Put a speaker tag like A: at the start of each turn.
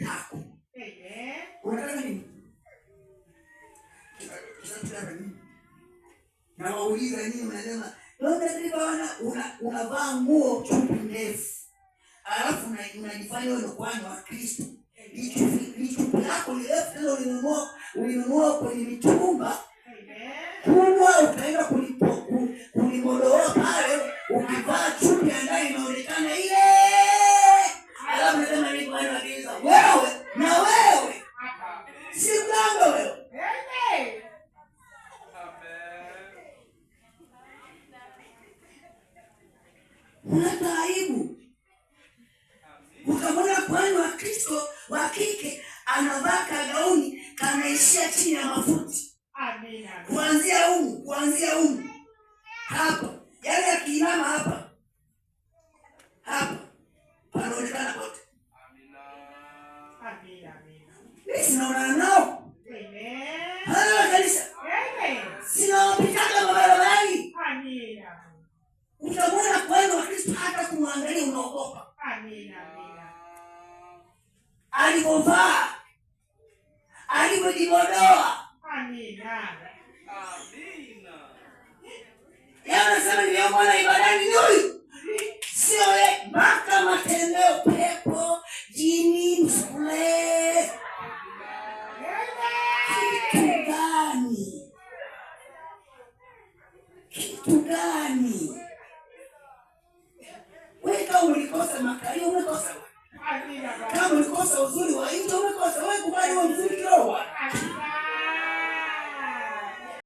A: yako. Unataka nini? mnasema? Labda tulipoona unavaa nguo chupi ndefu. Alafu unajifanya wewe kwani wa Kristo. Lichupi lako lirefu ulinunua kwenye mitumba. Amen. unata aibu. ukamona kuhani wa Kristo wa kike anavaa kagauni kanaishia chini ya mafuti, kuanzia umu kuanzia umu hapa, yaani akiinama hapa hapa panaonekana kote. Mi sinaonana nao haa, kanisa sinawapitaka mabarabari utamona Yesu hata kumwangalia unaogopa.
B: Amina, amina.
A: anasema alivyojibodoa. ibadani ni huyu, sio yeye, mpaka matendeo, pepo, jini, msule kitu gani? Kitu gani? umekosa makalio, umekosa kama, ulikosa uzuri wa nje, umekosa wewe kubali huo mzuri kiroho